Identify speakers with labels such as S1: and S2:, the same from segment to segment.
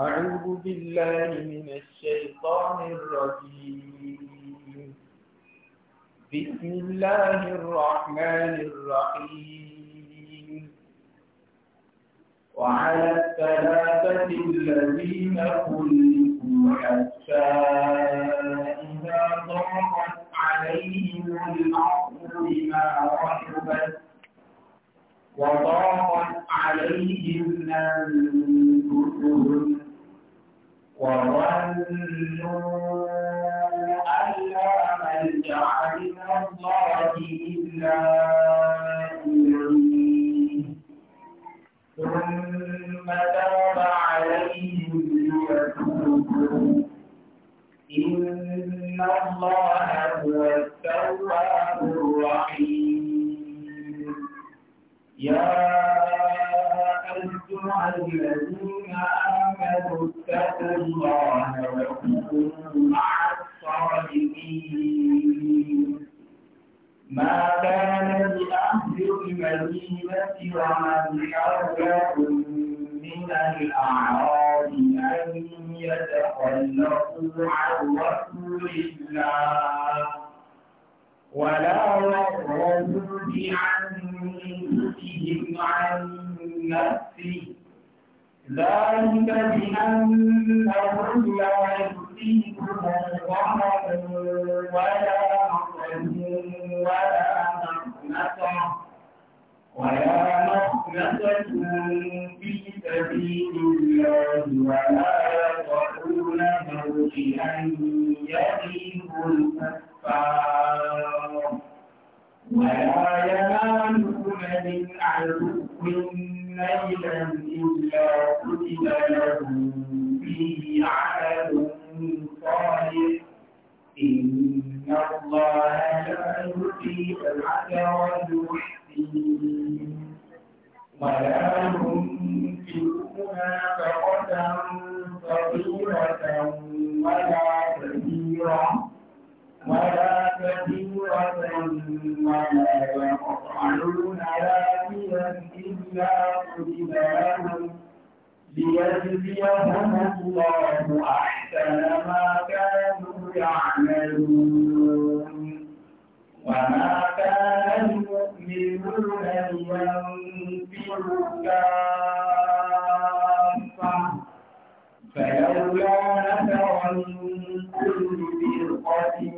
S1: أعوذ
S2: بالله من الشيطان الرجيم بسم الله الرحمن الرحيم
S1: وعلى الثلاثة
S2: الذين خلقوا حتى إذا ضاقت عليهم الأرض بما رحبت وضاقت عليهم أنفسهم وظنوا أن لا ملجأ من الله إلا إليه ثم تاب عليهم ليتوبوا إن الله هو التواب الرحيم يا أيها الذين آمنوا اتقوا الله وكونوا مع الصالحين ما كان لأهل المدينة ومن حولهم من الأعراب أن يتخلفوا عن رسول عن نفسي ذلك بأنهم لا يصيبهم ظمأ ولا نصب ولا مخنة
S1: ولا مخنة
S2: في سبيل الله ولا يطعون موطئا يغيب الكفار ولا ينالون من عدو ليلا إلا إن الله لا يضيع أجر المحسنين ولا ينفقون نفقة ولا كبيرة ولا كثيرة ولا يقطعون واديا إلا كتب لهم ليجزيهم الله أحسن ما كانوا يعملون وما كان المؤمنون لينفروا كافة
S1: فلولا نفر
S2: من كل فرقة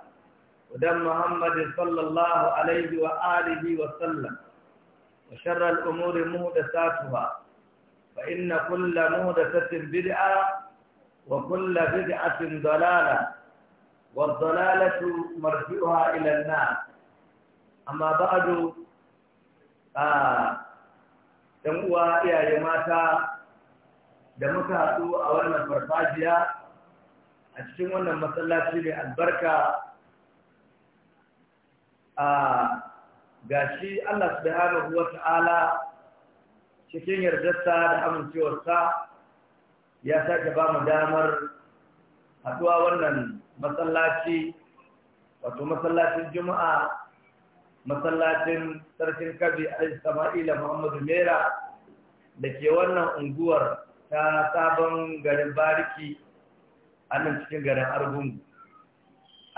S1: ودم محمد صلى الله عليه وآله وسلم وشر الأمور مهدساتها فإن كل مهدسة بدعة وكل بدعة ضلالة والضلالة مرجعها إلى النار أما بعد ɗan uwa iyaye mata da muka haɗu a wannan farfajiya a cikin wannan masallaci mai albarka a shi Allah subhanahu Ta'ala cikin yardarsa da amincewarsa ya sake ba mu damar haduwa wannan masallaci wato masallacin juma'a masallacin sarkin kabi al-sama'ila muhammadu mera da ke wannan unguwar ta sabon garin bariki a cikin garin argungu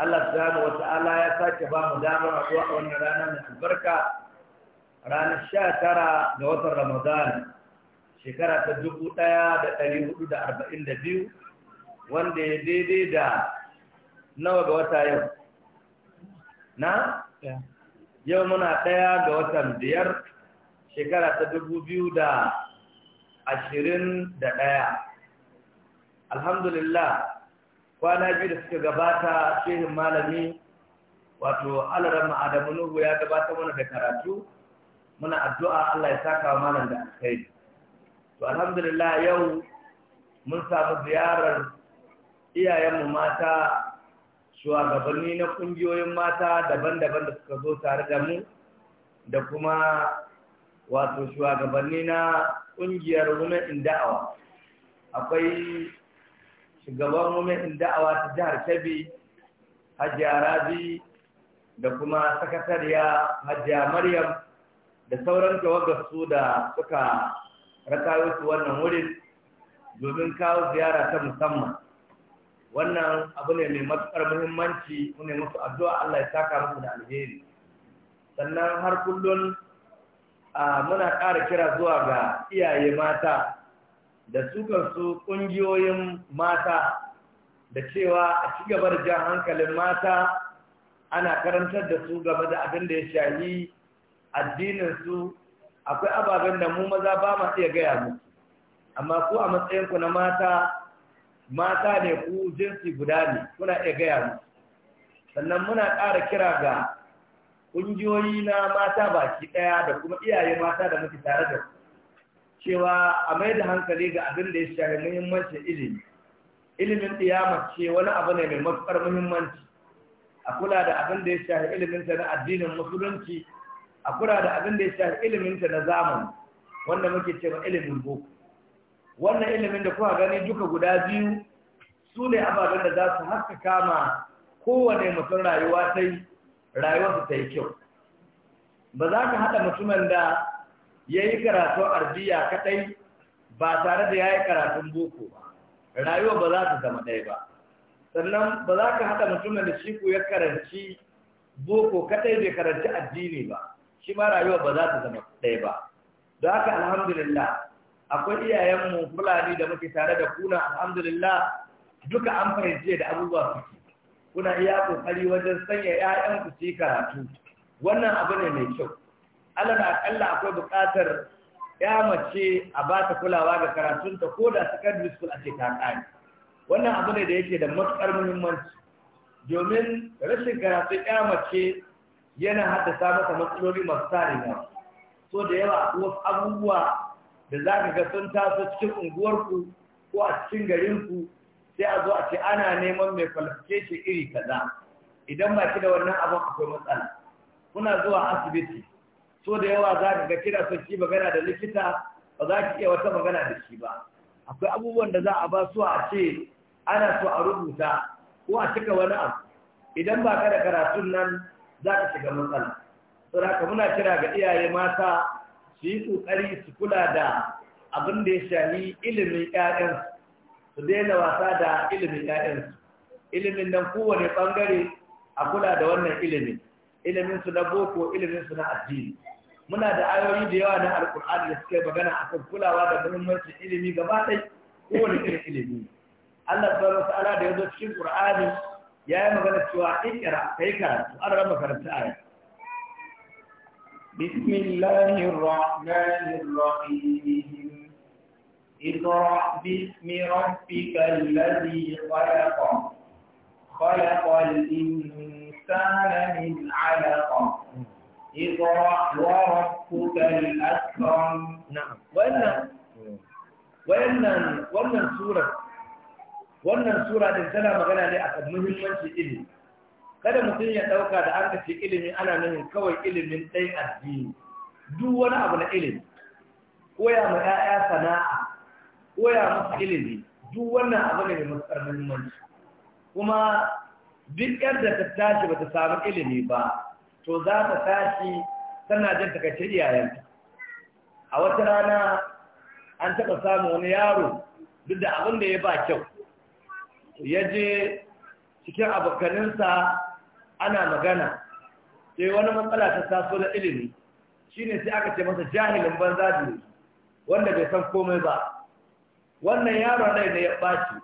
S1: Allah subhanahu wata'ala ya sake ba mu damar haɗuwa a wannan rana mai albarka ranar sha tara ga watan Ramadan shekara ta dubu ɗaya da ɗari hudu da arba'in da biyu wanda ya daidai da nawa ga wata yau na? yau muna ɗaya ga watan biyar shekara ta dubu biyu da ashirin da ɗaya alhamdulillah kwana biyu da suka gabata shehin malami wato alarama adamu nuhu ya gabata mana da karatu muna addu'a Allah ya saka wa malam da yi, to alhamdulillah yau mun samu ziyarar iyayenmu mata shugabanni na kungiyoyin mata daban-daban da suka zo tare da mu da kuma wato shugabanni na kungiyar women in da'awa akwai shugaban in da'awa ta jihar kebbi hajiya rabi da kuma sakatariya hajiya maryam da sauran su da suka rakayo su wannan wurin domin kawo ziyara ta musamman wannan abu ne mai matuƙar muhimmanci ne musu addu'a Allah ya saka musu da alheri sannan har kullun muna ƙara kira zuwa ga iyaye mata da suka so ƙungiyoyin mata da cewa a ci gaba da jan hankalin mata ana karantar da su game da abin da ya shahi addininsu akwai ababen da mu maza ba ma iya gaya mu, amma ku a matsayinku na mata mata ne ku jinsi guda ne kuna iya gaya mu. sannan muna ƙara kira ga ƙungiyoyi na mata baki ɗaya da kuma iyaye mata da muke tare da su cewa a mai da hankali ga abin da ya shafi muhimmancin ilimi ilimin ɗiyama ce wani abu ne mai matuƙar muhimmanci a kula da abin da ya shafi iliminta na addinin musulunci a kula da abin da ya shafi iliminta na zamani wanda muke cewa ilimin boko wannan ilimin da kuka gani duka guda biyu su ne ababen da za su haska kama kowane mutum rayuwa ta yi rayuwarsa ta yi kyau ba za ka haɗa mutumin da ya yi karatun arbiya kaɗai ba tare da ya yi karatun boko ba rayuwa ba za ta zama ɗaya ba sannan ba za ka haɗa mutumin da shi ko ya karanci boko kaɗai bai karanci addini ba shi ma rayuwa ba za ta zama ɗaya ba da haka alhamdulillah akwai iyayenmu fulani da muke tare da kuna alhamdulillah duka an fahimci da abubuwa suke kuna iya kokari wajen sanya 'ya'yanku su yi karatu wannan abu ne mai kyau alal akalla akwai buƙatar ya mace a ba ta kulawa ga karatunta ko da kan school a ce wannan abu ne da yake da matuƙar muhimmanci domin rashin karatun ya mace yana haddasa masa matsaloli masu da yawa so da yawa wasu abubuwa da za ka ga sun taso cikin unguwarku ko a cikin garinku sai a zo a ce ana neman mai qualification iri kaza idan ba ki da wannan abin akwai matsala kuna zuwa asibiti so da yawa za ka ga kira son ci magana da likita ba za ki iya wata magana da shi ba akwai abubuwan da za a ba su a ce ana so a rubuta ko a cika wani abu idan ba ka da karatun nan za ka shiga matsala saboda muna kira ga iyaye mata su yi kokari su kula da abin da ya shahi ilimin ƴaƴan su daina wasa da ilimin 'ya'yansu ilimin nan kowane bangare a kula da wannan ilimin ilimin su na boko ilimin su na addini muna da ayoyi da yawa na alkur'ani da suka yi magana a kan kulawa da muhimmancin ilimi gaba ɗai kowane irin ilimi Allah subhanahu wa ta'ala da ya cikin Qur'ani
S2: ya yi magana cewa ikira kai karatu an rama karanta aya bismillahir rahmanir rahim اقرأ باسم ربك الذي خلق خلق الإنسان من علقه اقرأ وربك الأكرم نعم وإن
S1: وإن وإن سورة wannan sura din tana magana ne akan muhimmanci ilimi kada mutum ya dauka da an kace ilimi ana nufin kawai ilimin dai addini duk wani abu na ilimi koya ma 'ya'ya sana'a koya musu ilimi duk wannan abu ne mai matsar muhimmanci kuma duk yadda ta tashi bata samu ilimi ba to za ta tashi tana jin ta kace iyayenta a wata rana an taɓa samun wani yaro duk da abin da ya ba kyau ya je cikin abokaninsa ana magana sai wani matsala ta taso da ilimi shine sai aka ce masa jahilin banza ne wanda bai san komai ba wannan yaron rai ne ya ɓaci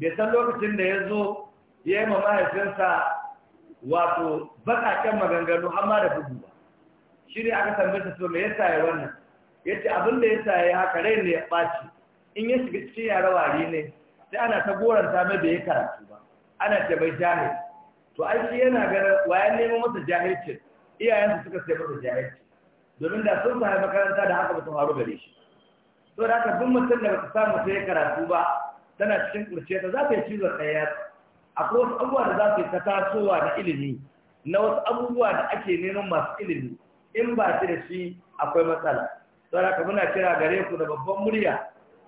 S1: bai san lokacin da ya zo ya yi ma mahaifinsa wato baƙaƙen maganganu amma da bugu ba shi ne aka tambaye ta so me yasa ya wannan yace abin da yasa ya haka rai ne ya ɓaci in ya shiga cikin yara wari ne sai ana ta goranta mai ya karatu ba ana ce bai jahil to ai shi yana ganin wayan neman masa iyayen iyayensa suka sai masa jahilci domin da sun sami makaranta da haka ba ta faru gare shi to da haka duk mutum da ba ta samu sai karatu ba tana cikin kurce ta za ta yi cizon ɗaya akwai wasu abubuwa da za su yi ta tasowa da ilimi na wasu abubuwa da ake neman masu ilimi in ba shi da shi akwai matsala saboda ka muna kira gare ku da babban murya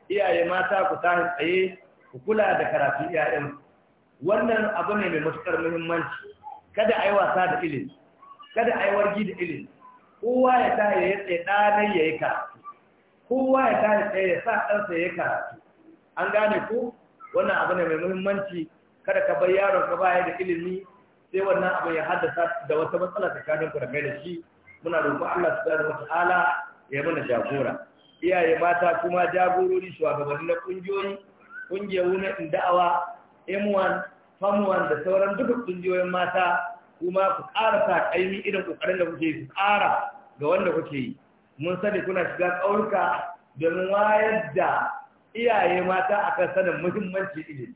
S1: iyaye mata ku tashi tsaye ku kula da karatu iyayen wannan abu ne mai matukar muhimmanci kada a yi wasa da ilimi kada a yi wargi da ilimi kowa ya tashi ya tsaye ɗanai ya yi karatu kowa ya tashi tsaye ya sa ɗansa ya yi karatu an gane ku wannan abu ne mai muhimmanci kada ka bar yaron ka baya da ilimi sai wannan abin ya haddasa da wata matsala tsakanin ku da kai da shi muna roƙo Allah subhanahu wataala ya mana jagora iyaye mata kuma jagorori shugabanni na kungiyoyi kungiyoyi na da'awa M1 FAM1 da sauran duka kungiyoyin mata kuma ku ƙara sa ƙaimi irin ƙoƙarin da kuke yi ku ƙara ga wanda kuke yi mun sani kuna shiga ƙauyuka domin wayar da iyaye mata akan sanin muhimmanci ilimi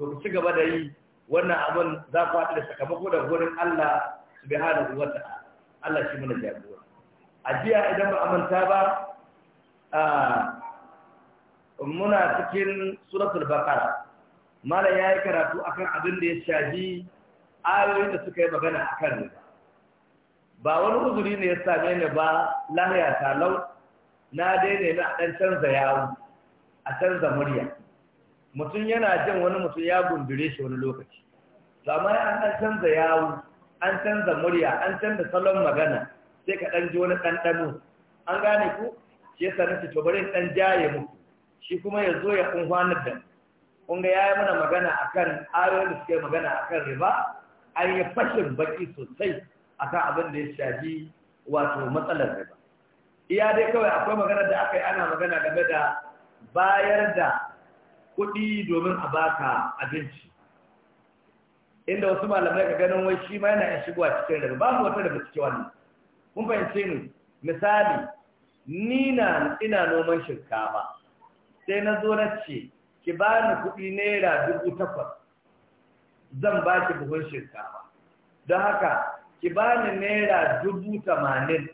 S1: to ku ci gaba da yi wannan abin za ku haɗu da sakamako da gurin Allah bi hada wa ta Allah shi mana jagora a jiya idan ba amanta ba muna cikin suratul baqara malam yayi karatu akan abin da ya shafi ayoyin da suka yi magana akan ne ba wani uzuri ne ya same ni ba lahiya talau na daina na dan canza yawo a canza murya mutum yana jan wani mutum ya gundure shi wani lokaci amma an canza yawo an canza murya an canza salon magana sai ka ɗan ji wani ɗanɗano an gane ku shi yasa nake to bari ɗan jaye muku shi kuma ya zo ya kun hwana da kun ga yayi mana magana akan ayoyin da suke magana akan riba an yi fashin baki sosai akan abin da ya shafi wato matsalar riba iya dai kawai akwai magana da aka yi ana magana game da bayar da kuɗi domin a baka abinci inda wasu malamai ka ganin wai shi ma yana yin shigowa cikin daga mu wata daga cikin wannan kun fahimce ni misali ni na ina noman shinkafa sai na zo na ce ki ba ni kuɗi naira dubu takwas zan ba ki buhun shinkafa don haka ki ba ni naira dubu tamanin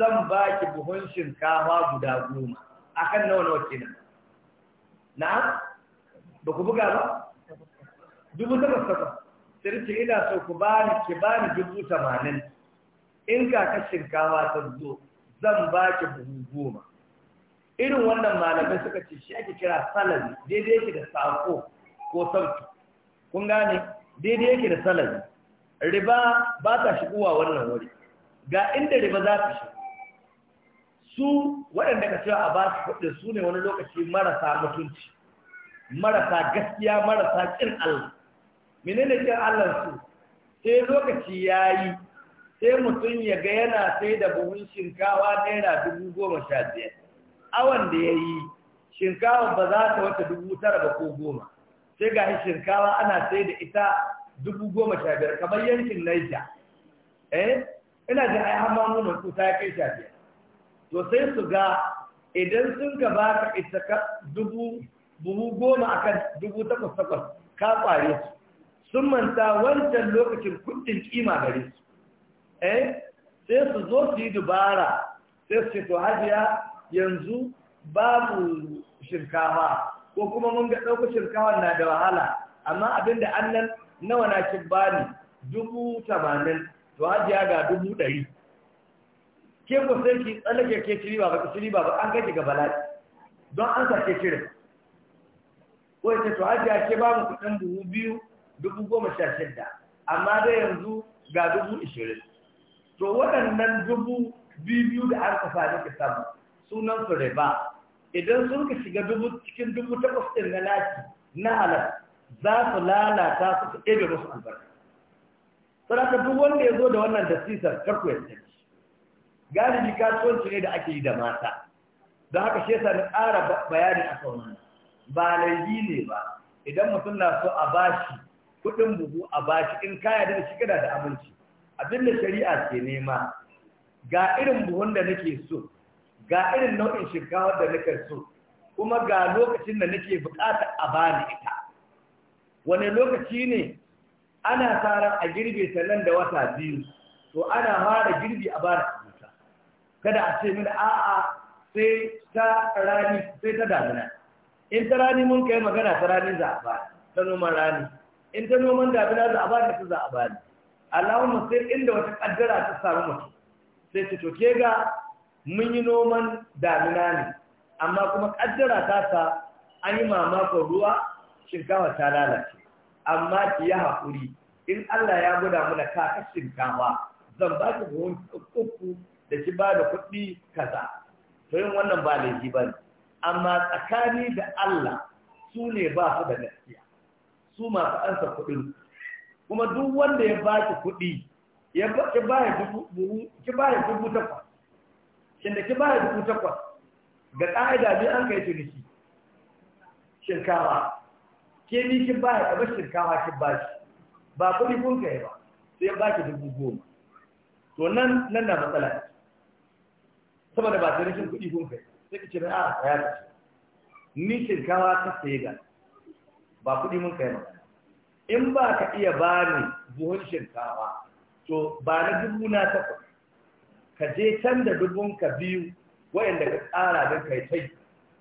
S1: zan ba ki buhun shinkafa guda goma akan nawa nawa kenan na'am ba ku buga ba dubu takwas takwas sai ce ina so ku bani ki bani dubu tamanin in ka ka shinkawa ta zo zan ba ki buhu goma irin wannan malamai suka ce shi ake kira salari daidai yake da sako ko sauki kun gane daidai yake da salari riba ba ta shigowa wannan wuri ga inda riba za ta shigo su waɗanda ka cewa a ba su kuɗi su ne wani lokaci marasa mutunci marasa gaskiya marasa kin Allah menene kin Allah su sai lokaci yayi sai mutum ya ga yana sai da buhun shinkawa naira dubu goma sha biyar awan da ya yi shinkawa ba za ta wata dubu tara ba ko goma sai ga shinkawa ana sai da ita dubu goma sha biyar kamar yankin Niger eh ina da ai amma mamu mai ta ya kai sha biyar to sai su ga idan sun ka baka ita dubu buhu goma a kan dubu takwas takwas ka kware su sun manta wancan lokacin kudin kima gare su eh sai su zo su yi dubara sai su ce to hajiya yanzu babu shinkafa ko kuma mun ga ɗauka shinkafa na da wahala amma abin da nan nawa na kin bani dubu tamanin to hajiya ga dubu ɗari ke ku sai ki tsallake ke ciri ba ba ki ciri ba ba an kai ga bala'i don an sake shirin ko to aji ke ba mu kudin dubu biyu dubu goma sha shidda amma dai yanzu ga dubu ishirin to waɗannan dubu biyu da an kafa da ka samu sunan su riba idan sun ka shiga dubu cikin dubu takwas ɗin na laki na halar za su lalata su ka ɗebe musu albarka saraka duk wanda ya zo da wannan dasisar karku ya tsanci galibi kasuwanci ne da ake yi da mata don haka shi yasa na ƙara bayani a kan wannan ba laifi ne ba idan mutum na so a bashi kuɗin buhu a bashi in kaya da shi kana da abinci abin da shari'a ke nema ga irin buhun da nake so ga irin nau'in shinkawa da nake so kuma ga lokacin da nake buƙatar a bani ita wani lokaci ne ana tsara a girbe ta nan da wata biyu to ana fara girbi a bani kada a ce mini a'a sai ta rani sai ta damina in ta rani mun kai magana ta rani za a ba ta noman rani in ta noman damina za a ba ta za a ba ni alawun sai inda wata kaddara ta samu mutum sai ta toke ga mun yi noman damina ne amma kuma kaddara ta sa an yi mamakon ruwa shinkawa ta lalace amma ki yi haƙuri in Allah ya guda mana kaka shinkawa zan ba ki buhun uku da ki ba da kuɗi kaza to yin wannan ba laifi ba ne amma tsakani da Allah su ne ba su da gaskiya su masu ansa kuɗin kuma duk wanda ya ba ki kuɗi ya ba ya dubu ki dubu takwas shin da ki ba ya dubu takwas ga ƙa'ida ne an kai tuniki shinkawa ke ni ki ba ya ɗaba shinkawa ki ba shi ba kuɗi kun kai ba sai ba ki dubu goma to nan nan na matsala saboda ba ta rashin kuɗi kun kai sai ce a ya ce ni shinkawa ta sai ga ba kuɗi mun kai magana in ba ka iya ba ni buhun shinkawa to ba na dubu na takwas ka je can da dubun ka biyu wayanda ka tsara don kai tai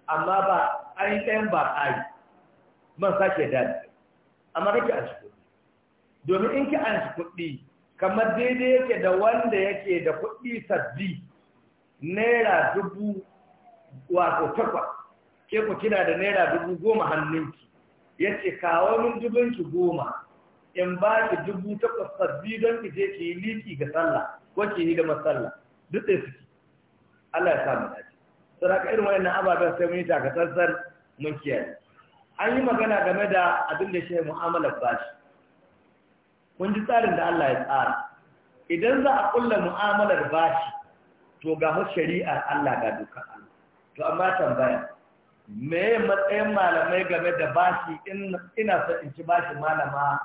S1: amma ba an yi ɗayan ba ƙari man sake dadi amma kake an shi kuɗi domin in ki an shi kuɗi kamar daidai yake da wanda yake da kuɗi sabbi naira dubu wato takwas ke ku kina da naira dubu goma hannunki ya ce kawo min dubinki goma in ba ki dubu takwas sabbi don ki je ki yi liki ga sallah ko ki yi gama sallah duk da suke Allah ya sa mu dace saboda irin wannan ababen sai mun yi takatsantsan mun kiyaye an yi magana game da abin da shi mu'amalar bashi kun ji tsarin da Allah ya tsara idan za a kulla mu'amalar bashi to ga shari'ar Allah ga duka to amma tambaya me matsayin malamai game da bashi ina son in ci bashi malama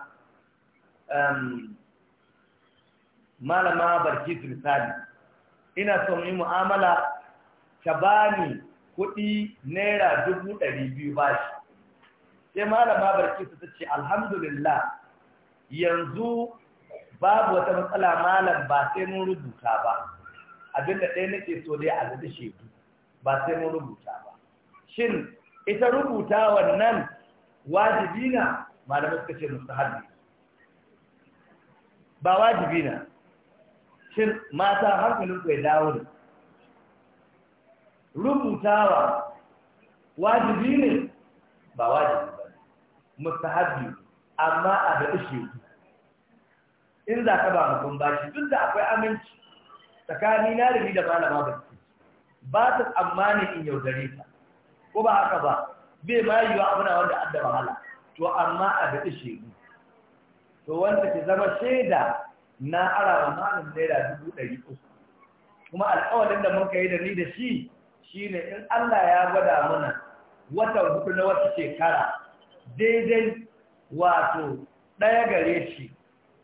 S1: um, malama barki misali ina son yi mu'amala ta bani kuɗi naira dubu ɗari biyu bashi sai malama barki ta ce alhamdulillah yanzu babu wata matsala malam ba sai mun rubuta ba abinda ɗaya nake so dai a zaɗi shekaru ba sai mun rubuta ba shin ita rubuta wannan wajibi na malamai suka ce mustahabi ba wajibi na shin mata hankalin ku ya dawo ne rubutawa wajibi ne ba wajibi ba mustahabi amma a da ishe in za ka ba mutum bashi duk da akwai aminci tsakani na da ni da malama ba ba ta tsammanin in yaudare ta ko ba haka ba bai ma yiwa abuna wanda an da wahala to amma a daɗi shegu to wanda ke zama shaida na wa malin naira dubu ɗari uku kuma alƙawarin da muka yi da ni da shi shine in Allah ya gwada mana watan hudu na wata shekara daidai wato ɗaya gare shi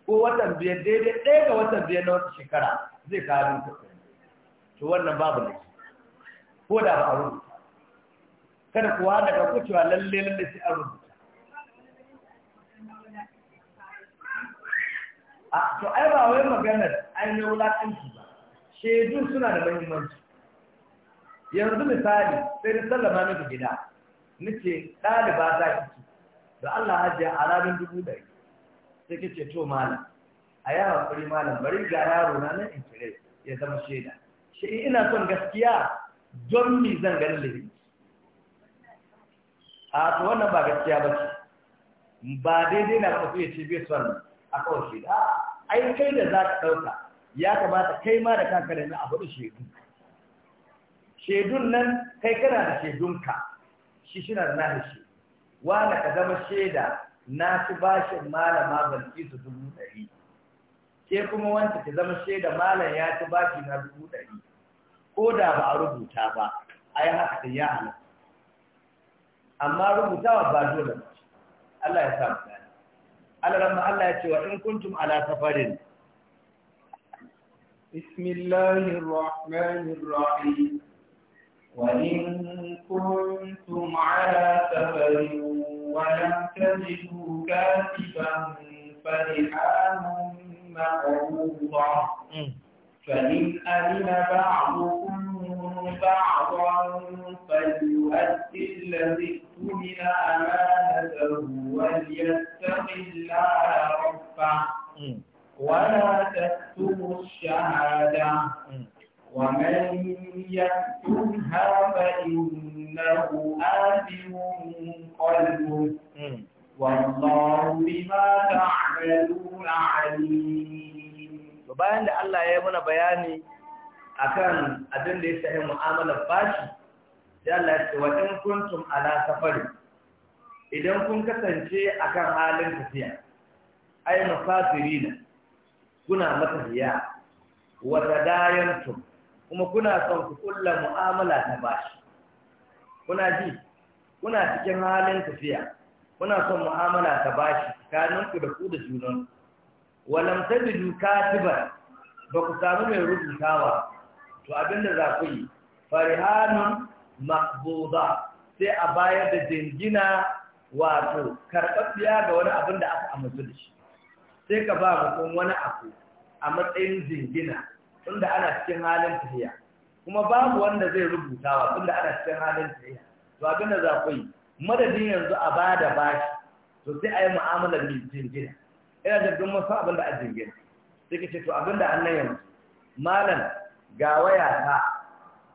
S1: ko watan biyar daidai ɗaya ga watan biyar na wata shekara zai kawo ta to wannan babu ne ko da ba a rubuta kuwa daga kucewa lalle lalle sai a rubuta a to ai ba wai maganar an yi ba shaidun suna da mahimmanci yanzu misali sai da sallama miki gida nace ɗaliba za ki ci da Allah hajiya a ranar dubu ɗari sai kace to malam a yi haƙuri malam bari ga yaro na nan in kire ya zama shaida shi ina son gaskiya don mi zan ganin laifi a to wannan ba gaskiya ba ce ba daidai na mutum ya ce bai son a kawai shi da ai kai da za ka ɗauka ya kamata kai ma da kanka da a da shaidu shaidun nan kai kana da shaidunka shi shi na da nahi shi wanda ka zama shaida na ci bashin malama balki su dubu ɗari ke kuma wanda ka zama shaida malam ya ci bashi na dubu ɗari ko da ba a rubuta ba a yi haka da ya hana amma rubutawa ba dole ba Allah ya sa gani Allah Allah ya ce wa in kuntum ala safarin
S2: bismillahir rahmanir rahim فإن أمن بعضكم بعضا فليؤدي الذي اؤتمن أمانته وليتق الله ربه
S1: ولا تكتموا الشهادة
S2: ومن يكتمها فإنه آثم قلبه والله بما تعملون
S1: عليم bayan da Allah ya yi mana bayani a kan abin da ya sahi mu'amalar bashi sai Allah ya ce waɗin kuntum ala safari idan kun kasance a kan halin tafiya ai ay na, kuna matafiya wata tadayantum kuma kuna son ku kulla mu'amala ta bashi kuna ji kuna cikin halin tafiya kuna son mu'amala ta bashi tsakaninku da ku da junanku walam tajidu katiban ba ku samu mai rubutawa to abinda za ku yi farihanun maqbuda sai a bayar da jingina wato karɓaɓɓiya ga wani abin da aka amince da shi sai ka ba mutum wani abu a matsayin jingina tunda ana cikin halin tafiya kuma babu wanda zai rubutawa tunda ana cikin halin tafiya to abin da za ku yi madadin yanzu a bada da bashi to sai a yi mu'amalar mai jingina ina da dun masu abin da an suke ce to abin da annan yanzu malam ga waya ta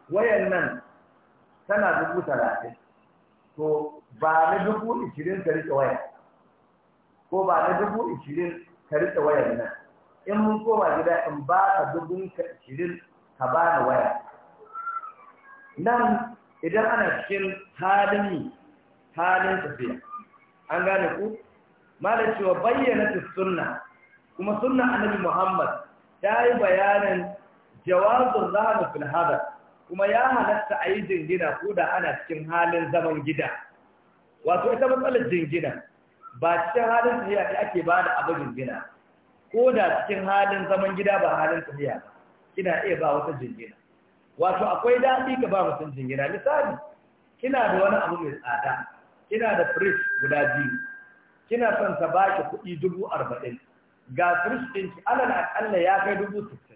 S1: wayan nan tana dubu talatin to ba na dubu ishirin ka rike waya ko ba na dubu ishirin ka rike wayan nan in mun koma gida in ba ka dubu ka ishirin ka ba ni waya nan idan ana cikin halin halin tafiya an gane ku malam cewa bayyana sunna kuma sunna annabi Muhammad ta yi bayanin jawazun rahama fil hadar kuma ya halatta a yi jingina ko da ana cikin halin zaman gida wato ita matsalar jingina ba cikin halin tafiya ne ake ba da abu jingina ko da cikin halin zaman gida ba halin tafiya ba kina iya ba wata jingina wato akwai daɗi ka ba mutum jingina misali kina da wani abu mai tsada kina da fridge guda biyu kina son ta baki kuɗi dubu arba'in ga firis ɗin ki alal aƙalla ya kai dubu sittin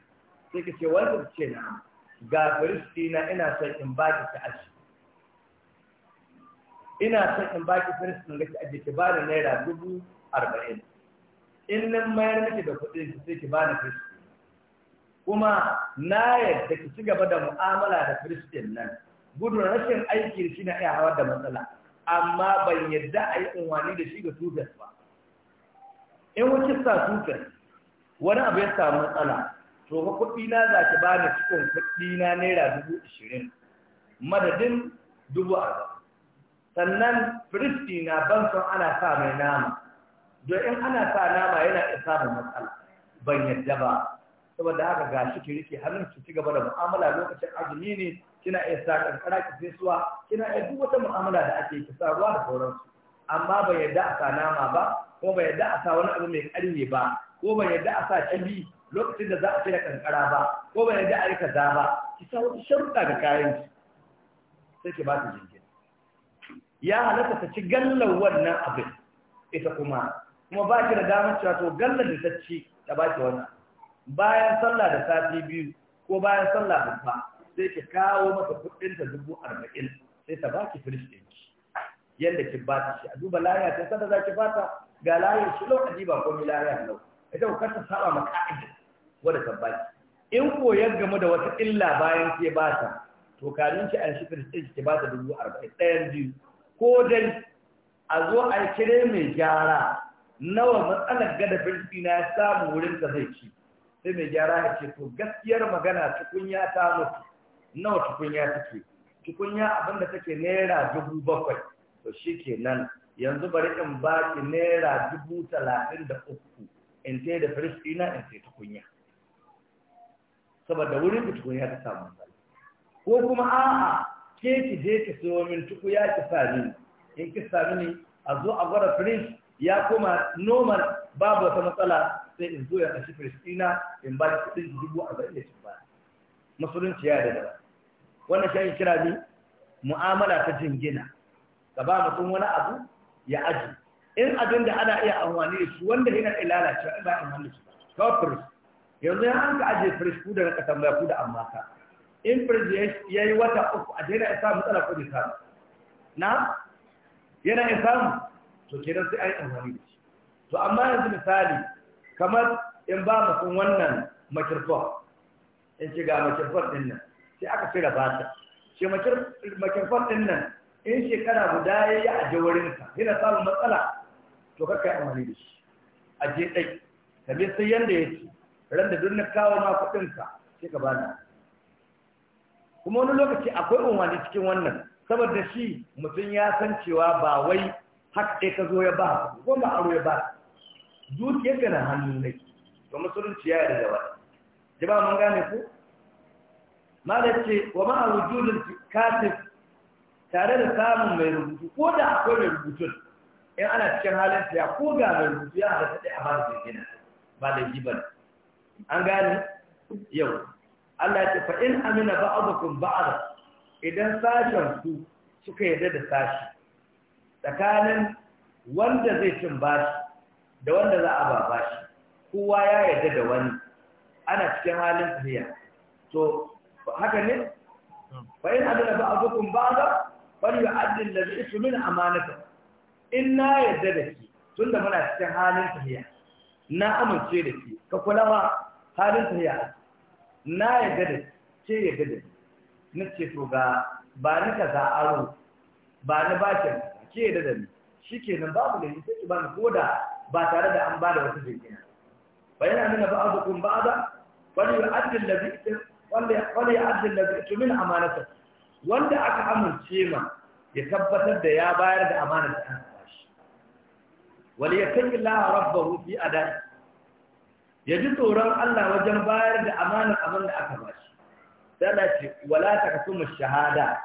S1: sai ka ce wanda ce na ga firis ɗina ina son in baki ta aji ina son in baki firis ɗin da ki aji ki bani naira dubu arba'in in nan mayar miki da kuɗin ki sai ki bani firis kuma na yadda ki ci gaba da mu'amala da firis ɗin nan gudun rashin aiki shi na iya hawa da matsala amma ban yadda a yi unwani da shi ga tutar ba in wuce sa tutar wani abu ya samu tsala to ga kuɗi na za ki ba da cikin kuɗi na naira dubu ashirin madadin dubu arba'in sannan firisti na ban ana sa mai nama do in ana sa nama yana isa da matsala ban yadda ba saboda haka ga shi ki rike hannun su ci gaba da mu'amala lokacin azumi ne kina iya sa kankara ki fesuwa? kina iya duk wata mu'amala da ake ki sa ruwa da sauransu amma bai yadda a sa nama ba ko bai yadda a sa wani abu mai karye ba ko bai yadda a sa kibi lokacin da za a kira kankara ba ko bai yadda a yi kaza ba ki sa wata sharuɗa ga kayan ki sai ki ba ta ya halatta ta ci gallar wannan abin ita kuma kuma ba ki da damar cewa to gallar da ta ci ta ba ki wannan bayan sallah da safi biyu ko bayan sallah babba sai ki kawo masa kuɗin ta dubu arba'in sai ta baki firish ɗin ki yadda ki ba ta shi a duba laya ta sanda za ki ba ta ga layar shi lau a ba komi layar lau ita ku kasa saba ma ka'ida wadda ta baki in ko ya gama da wata illa bayan ke ba ta to kanin ki an shi firish ɗin ki ba ta dubu arba'in ɗayan biyu ko dai a zo a yi kire mai gyara nawa matsalar gada birki na ya samu wurin ta zai ci sai mai gyara ya ce to gaskiyar magana ya ta mutu nawa tukunya take tukunya abinda take naira dubu bakwai to shi ke nan yanzu bari in baki naira dubu talatin da uku in ta da firistina in ta tukunya saboda wurin da tukunya ta samu ko kuma a'a ke ki je ki siyo min tukunya ki sami in ki sami ni a zo a gwada firist ya koma normal babu wata matsala sai in zo ya ɗashi firistina in ba ki kuɗin dubu arba'in da shi ba musulunci ya da wannan shi kira ne mu'amala ta jingina ka ba mutum wani abu ya aji in abin da ana iya amfani da shi wanda yana ilalace in ba a amfani da shi ba firis yanzu an ka aje firis ku da na kasan baya ku da amma ka in firis ya yi wata uku a daina ya samu matsala ko bai samu na yana ya samu to kenan sai an yi amfani da shi to amma yanzu misali kamar in ba mutum wannan makirtuwa in shiga ga din nan sai aka fi ta shi makirfan ɗin nan in shekara guda ya yi a jawarinsa yana samun matsala to kakai yi da shi a je ɗai sai yadda ya ce ran da na kawo ma kuɗinka sai ka bana kuma wani lokaci akwai umarni cikin wannan saboda shi mutum ya san cewa ba wai haka ɗai ka zo ya ba ko ba aro ya ba dukiyar ka na hannu ne to musulunci ya yarda da wani jama'a mun gane ku malace wa ma wujudin katib tare da samun mai rubutu ko da akwai mai rubutun in ana cikin halin ya ko ga mai rubutu ya halatta da abar da gina ba da an gane yau Allah ya ce fa in amina ba'dukum ba'd idan sashen su suka yarda da sashi tsakanin wanda zai cin bashi da wanda za a ba bashi kowa ya yarda da wani ana cikin halin tsiya to haka ne fa in adala ba'dukum ba'da falyu'addi alladhi ismu min amanata in na yadda da ki tunda muna cikin halin tahiya na amince da ki ka kulawa halin tahiya na yadda da ce yadda da Na ce to ga ba ni kaza aro ba ni bakin ke yadda da ni shikenan babu da ni sai ki ba ni koda ba tare da an ba da wata jinkina bayan an nuna ba'dukum ba'da falyu'addi alladhi wanda ya addin da tumin amanata wanda aka amince ma ya tabbatar da ya bayar da amanata an bashi wani ya kan Rabba rabbahu fi adai ya ji tsoron Allah wajen bayar da amanar abin da aka bashi sana ce wala ta kasu shahada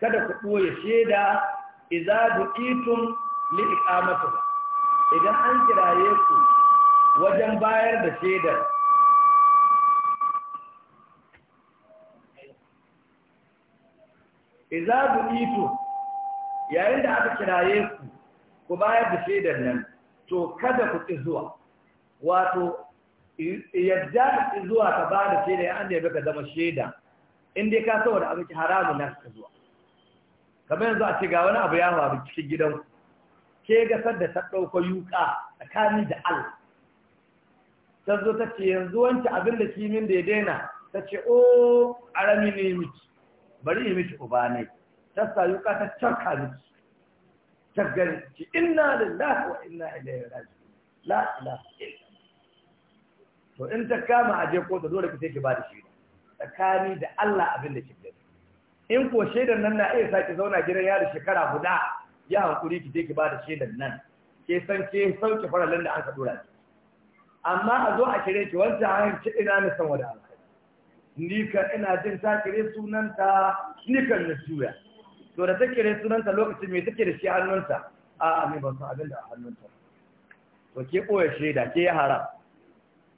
S1: kada ku ɓoye shaida idza du'itum li iqamatiha idan an kiraye ku wajen bayar da shaidar iza du'itu yayin da aka kiraye ku ku bayar da shaidar nan to kada ku ki zuwa wato yadda ka ki zuwa ka ba da an da ka zama shaida in dai ka da abinci haramun na ka zuwa kamar yanzu a ce ga wani abu ya faru cikin gidan ke gasar da ta ɗauko yuka tsakani da Allah ta zo ta ce yanzu wancan abin da kimin da ya daina ta ce o oh, arami ne miki bari yi miki ubanai ta sayu ka ta carka miki taggar ki inna lafi wa inna ilaihi raji la ilaha to in ta kama a je kotu dole ka sai ki da shaida tsakani da Allah abin da ke gani in ko shaidan nan na iya saki zauna gidan yari shekara guda ya hankuri ki je ki da shaidan nan ke san ke sauke farallan da aka dora amma a zo a kire ki wancan hanyar ki ina na san wada ni ka ina jin ta kire sunanta ni kan na juya to da ta kire sunanta lokacin me take da shi hannunta a ne ban san abin da hannunta to ke koyar shaida ke ya haram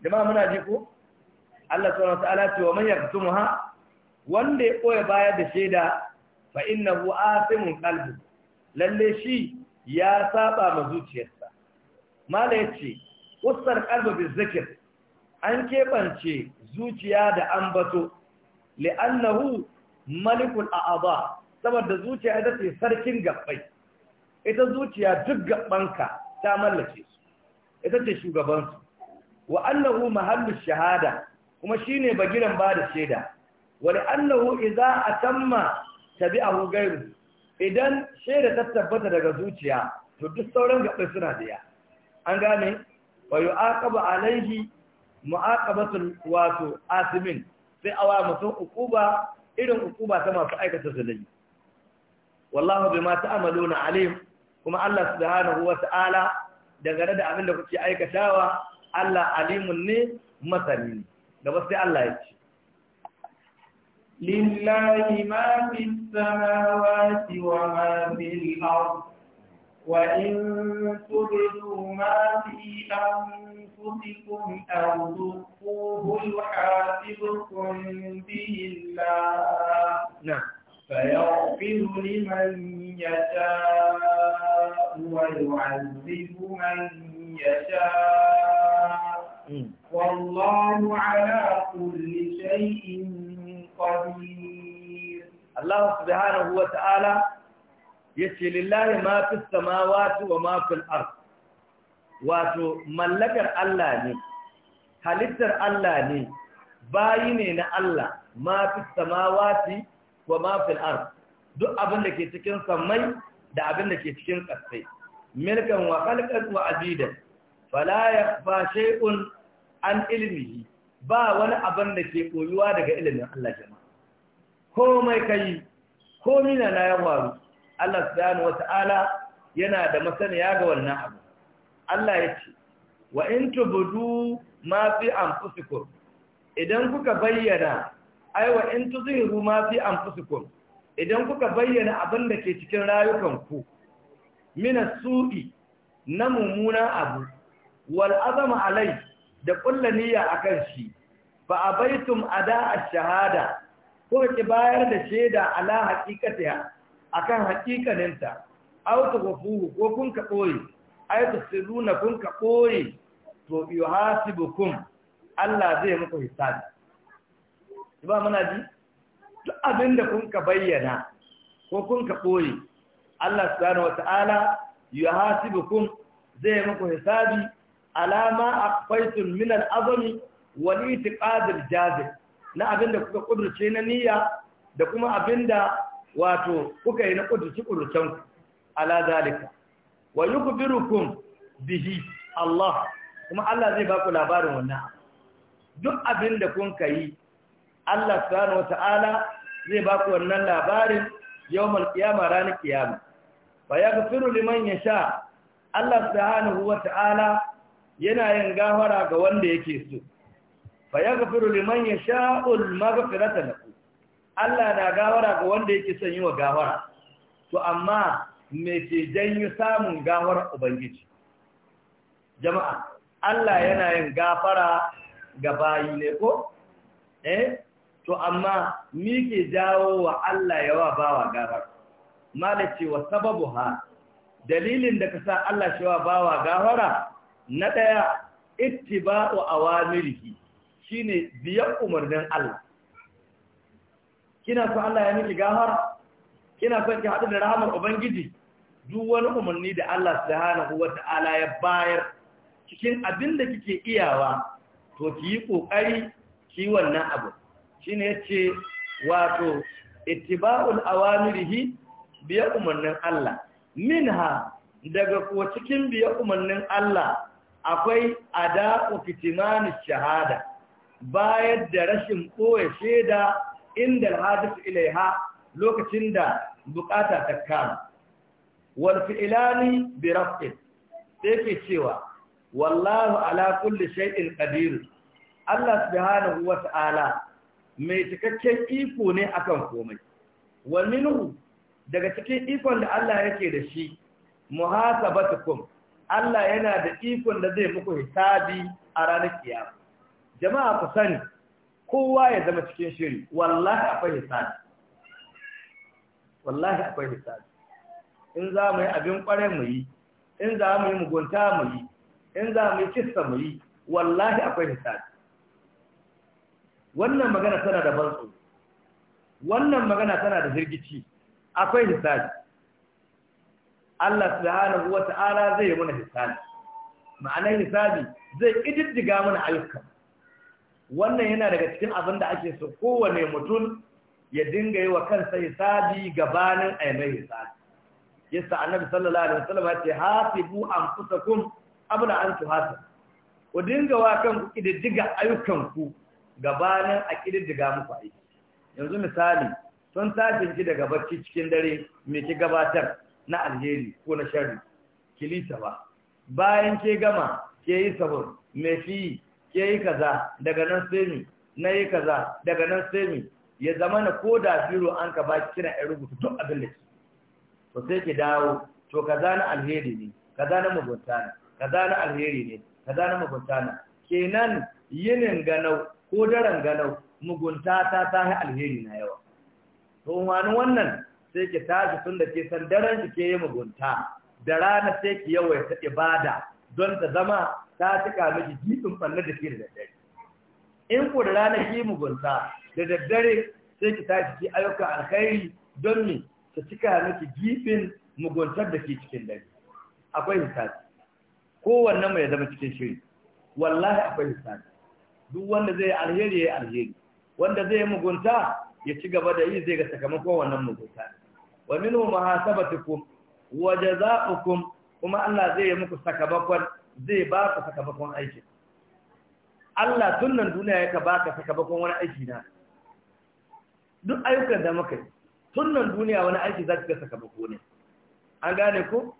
S1: jama'a muna ji ko Allah subhanahu wa ta'ala ce wa man yaktumha wanda ya koya bayar da shaida fa innahu asimun qalbi lalle shi ya saba ma zuciyarsa mala yace usar bi bizikr an keɓance zuciya da ambato li'annahu malikul a'aba saboda zuciya ita ce sarkin gabbai ita zuciya duk gabbanka ta mallake su ita ce shugabansu wa annahu mahallu shahada kuma shine bagiran ba da shaida wa li'annahu idza atamma tabi'ahu gairu idan shaida ta tabbata daga zuciya to duk sauran gabbai suna da ya an gane wa yu'aqabu alaihi mu'aqabatul wato asimin sai awa mutum ukuba irin ukuba ta masu aikata zalimi wallahu bima ta'maluna alim kuma Allah subhanahu wata'ala daga da abin da kuke aikatawa Allah alimun ne masani da gaba sai Allah ya ce
S2: lillahi ma fis samawati wa ma fil ard wa in tudu ma fi أنفسكم أو ذقوه يحاسبكم به الله نعم فيغفر لمن يشاء ويعذب من يشاء والله على كل شيء قدير الله سبحانه وتعالى يشي لله ما في
S1: السماوات وما في الأرض wato mallakar Allah ne halittar Allah ne bayi ne na Allah ma fi samawati wa ma fi duk abin da ke cikin samai da abin da ke cikin ƙasai milkan wa khalqan wa ajidan fala yakhfa shay'un an ilmihi ba wani abin da ke koyuwa daga ilimin Allah jama'a komai kai komai na ya Allah subhanahu yana da masaniya ga wannan abu Allah ya ce wa in tubudu ma fi anfusikum idan kuka bayyana ai wa in tuzhiru ma fi anfusikum idan kuka bayyana abin da ke cikin rayukanku mina su'i na mumuna abu wal azama alai da kullu niyya akan shi fa abaitum ada ash-shahada ko ki bayar da shaida ala haqiqatiha akan haqiqaninta aw tughfuhu ko kun ka boye ai kun ka koyi to yuhasibukum Allah zai muku hisabi ba mana ji duk abinda kun ka bayyana ko kun ka koyi Allah subhanahu wata'ala yuhasibukum zai muku hisabi alama aqfaitum min azumi, azami wal itiqad al na abinda kuka kudurce na niyya da kuma abinda wato kuka yi na kudurci kudurcen ala zalika wa yukhbirukum bihi Allah kuma Allah zai baku labarin wannan duk abin da kun kai Allah subhanahu ta'ala zai baku wannan labarin yawmal qiyama ranar kiyama wa yaghfiru liman yasha Allah subhanahu ta'ala yana yin gafara ga wanda yake so fa yaghfiru liman yasha'ul maghfirata lahu Allah na gawara ga wanda yake son yi wa gawara to amma me ke janyo samun gawar Ubangiji. Jama'a, Allah yana yin gafara ga bayi ne ko? Eh, to amma mi ke jawo wa Allah yawa bawa gafar. Mala cewa sababu ha, dalilin da ka sa Allah ba bawa gafara, na ɗaya, ittiba'u Shi shine biyan umarnin Allah. Kina so Allah ya miki gafara? Kina son ki haɗu da rahamar Ubangiji? duk wani umarni da Allah subhanahu wata'ala ya bayar cikin abin da kike iyawa to ki yi kokari ki wannan abu shine yace wato ittiba'ul awamirihi biya umarnin Allah minha daga ko cikin biya umarnin Allah akwai ada'u fitimani shahada bayar da rashin koya sheda inda alhadisu ilaiha lokacin da bukata ta kama wal fi'lani bi raf'in sai cewa wallahu ala kulli shay'in qadir Allah subhanahu wa ta'ala mai cikakken iko ne akan komai wa daga cikin ikon da Allah yake da shi muhasabatukum Allah yana da ikon da zai muku hisabi a ranar kiyama jama'a ku sani kowa ya zama cikin shiri wallahi akwai hisabi wallahi akwai hisabi in za mu yi abin ƙwarai mu yi in za mu yi mugunta mu yi in za mu yi kissa mu yi wallahi akwai hisabi wannan magana tana da bantsu wannan magana tana da jirgici akwai hisabi Allah subhanahu wata'ala zai yi mana hisabi ma'anar hisabi zai ƙididdiga mana ayyukan wannan yana daga cikin abin da ake so kowane mutum ya dinga yi wa kansa hisabi gabanin aimai hisabi yasa annabi sallallahu alaihi wasallam ya ce hasibu anfusakum abla an tuhasab ku dinga wa kanku kididdiga ayyukanku gabanin a kididdiga muku aiki yanzu misali tun tashin ki daga barci cikin dare me ki gabatar na alheri ko na sharri kilita ba bayan ke gama ke yi sabon me fi ke yi kaza daga nan sai mi na yi kaza daga nan sai ya zama na ko da biro an ka ba kina ya rubuta duk abin da ke to sai ki dawo to kaza na alheri ne kaza na mugunta ne kaza na alheri ne kaza na mugunta ne kenan yinin ganau ko daren ganau mugunta ta ta alheri na yawa to wani wannan sai ki tashi tun da ke san daren ki ke yi mugunta da rana sai ki yawaita ibada don ta zama ta cika miki jifin fannin da ke da daddare in ku da rana ki mugunta da daddare sai ki tashi ki ayyukan alkhairi don me ta cika miki gifin muguntar da ke cikin dare akwai hisabi kowanne mai zama cikin shiri wallahi akwai hisabi duk wanda zai alheri ya alheri wanda zai mugunta ya ci gaba da yi zai ga sakamakon wannan mugunta wa minhu muhasabatukum wa jazaukum kuma Allah zai yi muku sakamakon zai ba ku sakamakon aikin Allah tun nan duniya yake baka sakamakon wani aiki na duk ayyukan da muka yi tun nan duniya wani aiki za ki ga sakamako ne an gane ku?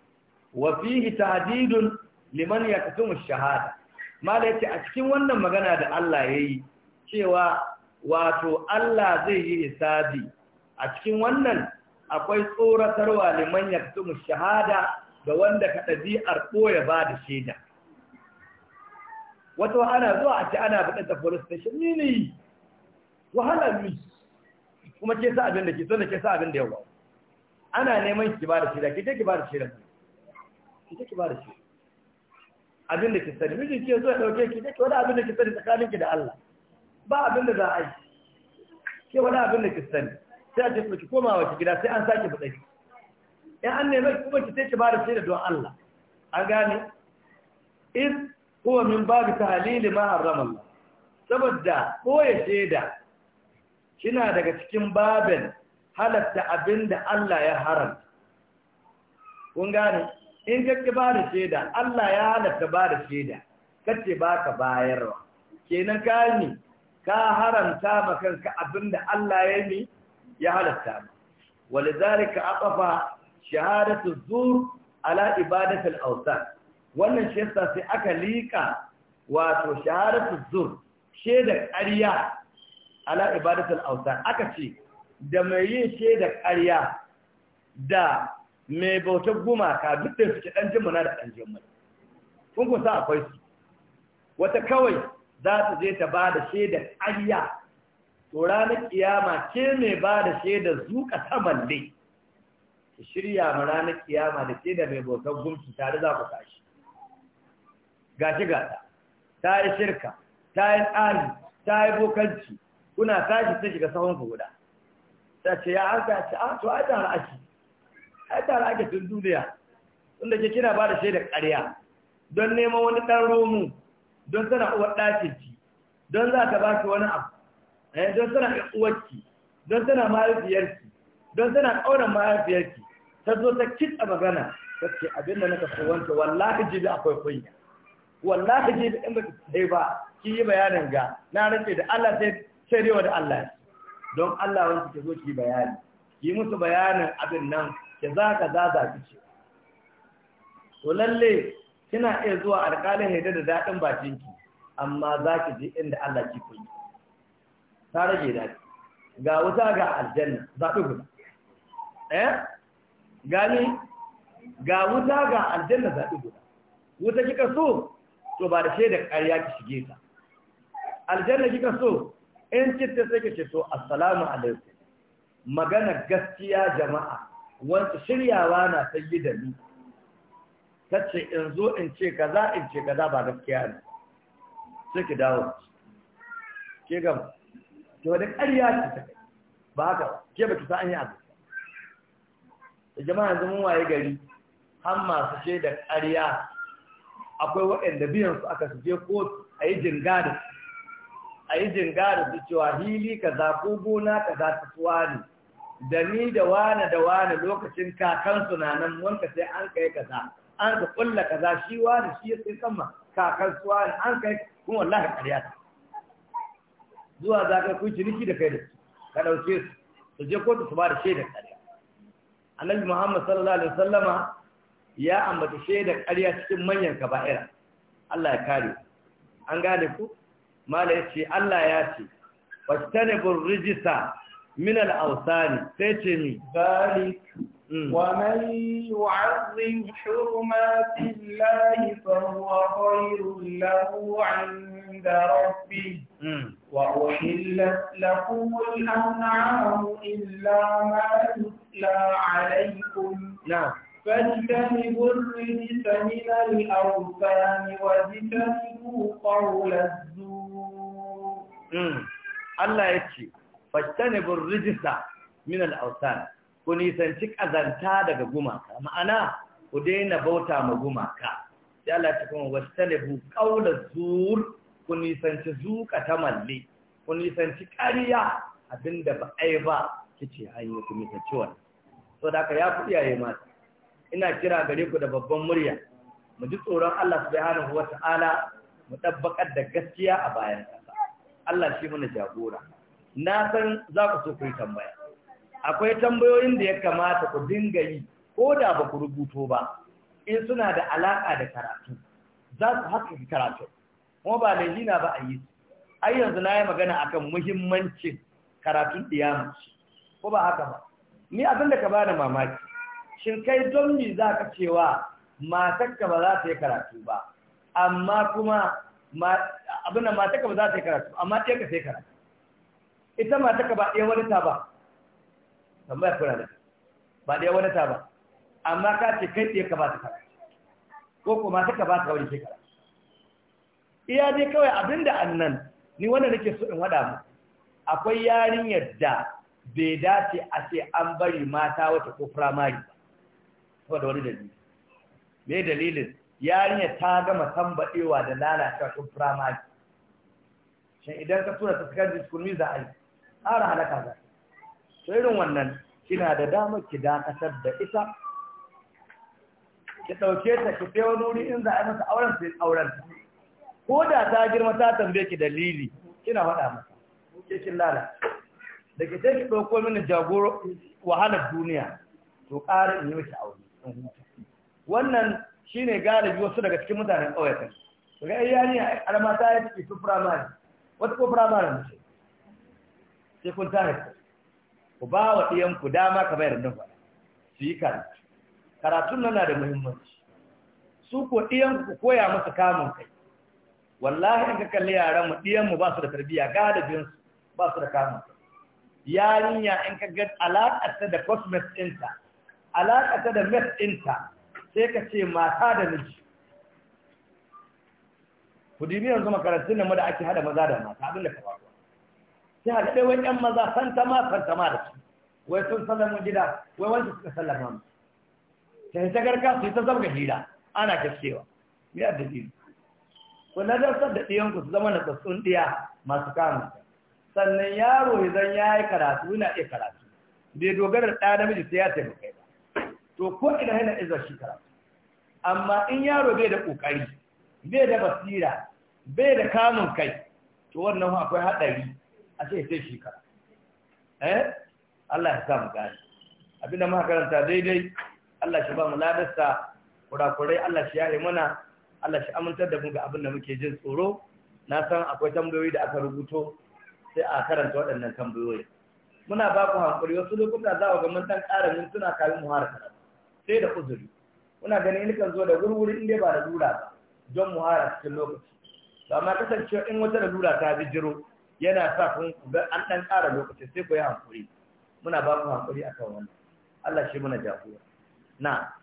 S1: Wafihi fihi tahdidun liman yaktumu shahada mala a cikin wannan magana da Allah ya yi cewa wato Allah zai yi hisabi a cikin wannan akwai tsoratarwa liman yaktumu shahada ga wanda ka ɗabi'ar ɓoye ba da shaida wata ana zuwa a ce ana buɗe police station ne ne wahala ne kuma ke sa abin da ke sannan ke sa abin da yawa ana neman ki ba da shi da ke ki ba da shida ki ke ki ba da shi. abin da ki sani mijin ke zo ya dauke ki ke wani abin da ki sani tsakanin ki da Allah ba abin da za a yi ke wani abin da ki sani sai a tafi ki koma wa ki gida sai an sake fada ki in an neman kuma ki ce ki ba da shi da don Allah an gane in huwa min babu tahlili ma harrama Allah saboda ko ya shaida kina daga cikin babin halatta abin da Allah ya haramta kun gane in kake ba da shaida Allah ya halatta ba da shaida kace ba ka bayarwa kenan ka ka haramta ma kanka abinda Allah ya yi ya halatta ma walidhalika aqafa shahadatu zur ala ibadatul awsan wannan shi yasa sai aka liƙa, wato shahadatu zur shaida ƙarya ala ibadatul awsan aka ce da mai yin da ƙarya da mai bautar gumaka duk da ɗan dan mana da dan jimma kun ku sa akwai su wata kawai za ta je ta ba da shaidar ƙarya to ranar kiyama ce mai ba da shaidar zuka samalle ki shirya ma ranar kiyama da da mai bautar gumsu tare za ku tashi gashi gata ta yi shirka ta yi tsari ta yi bokanci kuna tashi sai shiga sahun ku guda ta ce ya aka ce a ah, to ai tare ake ai tare ake tun duniya tunda ke kina ba da shaidar ƙarya don neman wani ɗan romu don tana uwar ki don za ta ba ki wani abu eh, don tana uwarki don tana ki, don tana ƙaunar ki, ta zo ta kitsa magana ta ce abinda na kafa wanta wallahi jibi akwai kunya wallahi jibi in ba ki sai ba ki yi bayanin ga na rance da Allah sai sai dai wani Allah ne don Allah wanda ke zo ki bayani yi musu bayanin abin nan ke za ka za za ki ce to lalle kina iya zuwa alƙalin haida da daɗin bakinki amma za ki je inda Allah ki koyi ta rage daɗi ga wuta ga aljanna zaɓi guda eh gani ga wuta ga aljanna zaɓi guda wuta kika so to ba da shaidar ƙarya ki shige ta aljanna kika so in kitta sai ka ce to assalamu alaikum magana gaskiya jama'a wanda shiryawa na sayi da ni ta ce in zo in ce kaza in ce kaza ba gaskiya ne sai ki dawo ke gama ke wani ƙarya ce ta kai ba haka ke ba ki sa an yi abu da jama'a yanzu mun waye gari har masu ce da ƙarya akwai waɗanda biyan su aka su je kotu a yi jinga da su a yi jinga da su cewa hili kaza ko gona kaza ta tuwa ne da ni da wane da wane lokacin kakansu na nan wanka sai an kai kaza an ka kulla kaza shi wane shi ya sai sama kakan suwa ne an kai kuma ka karya ta zuwa za ka kun niki da kai da su ka ɗauke su su je kotu su ba da shaidar ƙarya annabi muhammad sallallahu alaihi wasallama ya ambata shaidar karya cikin manyan kaba'ira Allah ya kare an gane ku mala ya ce Allah ya ce fastanibur rijista min al-awsani
S2: sai ce mi dalik mm. wa man yu'azzim hurumati llahi fa huwa khairul lahu 'inda rabbih mm. wa uhillat lakum al-an'amu illa ma yutla 'alaykum na'am فاجتنبوا الرجس من الأوثان واجتنبوا قول الزور
S1: Mm. Allah ya ce bin rijista min al’autan, ku nisanci ƙazanta daga gumaka ma'ana ku daina bauta ma gumaka sai Allah kuma kuma bu ƙaula zuwur ku nisanci zuka ta malle ku nisanci abin abinda ba yi ba kice hanyar ku nisanci wani. so da ya ku iyaye mata ina kira gare ku da babban murya mu ji tsoron Allah su hana wata ala mu ɗabbaƙar da gaskiya a bayan Allah shi mana jagora na san za ku so ku yi tambaya akwai tambayoyin da ya kamata ku dinga yi ko da ba ku rubuto ba in suna da alaƙa da karatu za su haka karatu kuma ba laihina ba a yi su ai yanzu na yi magana akan muhimmancin karatun ɗiyamaci ko ba haka ba ni abinda ka bani mamaki shin kai don me za ka cewa matakka ba za ta yi karatu ba amma kuma abin da mata ba za ta yi karatu amma ɗaya ka sai karatu ita mata ka ba ɗaya wani ta ba tambaya kuna da ba ɗaya wani ta ba amma ka ce kai ɗaya ka ba ta karatu ko ko mata ka ba ta wani shekara iya dai kawai abin da annan ni wanda nake so in wada mu akwai yarinyar da bai dace a ce an bari mata wata ko firamare ba saboda wani dalili me dalilin yarinya ta gama tambaɗewa da lalacewa tun firamare ne idan ka tura ta secondary school me za a yi ƙara halaka za yi irin wannan kina da damar ki dakatar da ita ki ɗauke ta ki kai wani wuri in za a yi masa auren sai auren ko da ta girma ta tambaye ki dalili kina faɗa masa ke kin lala da ke ce ki ɗauko mini jagoro wahalar duniya to ƙara in yi miki aure wannan shine galibi wasu daga cikin mutanen ƙauyakan daga ai yani alama ta yi ciki su firamare wata ko firamare mace sai kun tare ku ku ba wa ɗiyanku dama ka bayar da su yi karatu karatun nan da muhimmanci su ko ɗiyanku ku koya masa kamun kai wallahi in ka kalli yaran mu ɗiyanmu ba su da tarbiyya su ba su da kamun kai yarinya in ka ga alaƙarta da cosmet ɗinta alaƙarta da met ɗinta sai ka ce mata da miji ku dibi yanzu makarantun nan da ake hada maza da mata abin da ka faru sai hada dai wani yan maza santa ma da su wai sun sallama gida wai wanda suka sallama mu sai ta garka sai ta zama hira ana kaskewa ya a dini ku nadartar da ɗiyan ku su zama na tsatsun ɗiya masu kamun sannan yaro idan ya yi karatu yana iya karatu bai dogara da namiji sai ya taimaka ba to ko ina yana iza shi karatu amma in yaro bai da ƙoƙari bai da basira bai da kamun kai to wannan akwai haɗari a ce sai shi ka eh Allah ya sa mu gani abinda muka karanta daidai Allah shi ba mu ladarsa kurakurai Allah shi yare mana Allah shi amintar da mu ga abin da muke jin tsoro na san akwai tambayoyi da aka rubuto sai a karanta waɗannan tambayoyi muna ba ku hankuri wasu lokuta za ga mun dan ƙara mintuna kafin mu har sai da uzuri muna ganin in zo da wurwuri in dai ba da dura ba don muhara cikin lokaci amma kasancewa in wata lalura ta bijiro yana sa kun ga an dan ƙara lokaci sai ku yi hankuri muna ba
S2: ku hankuri akan wannan Allah shi muna jagora na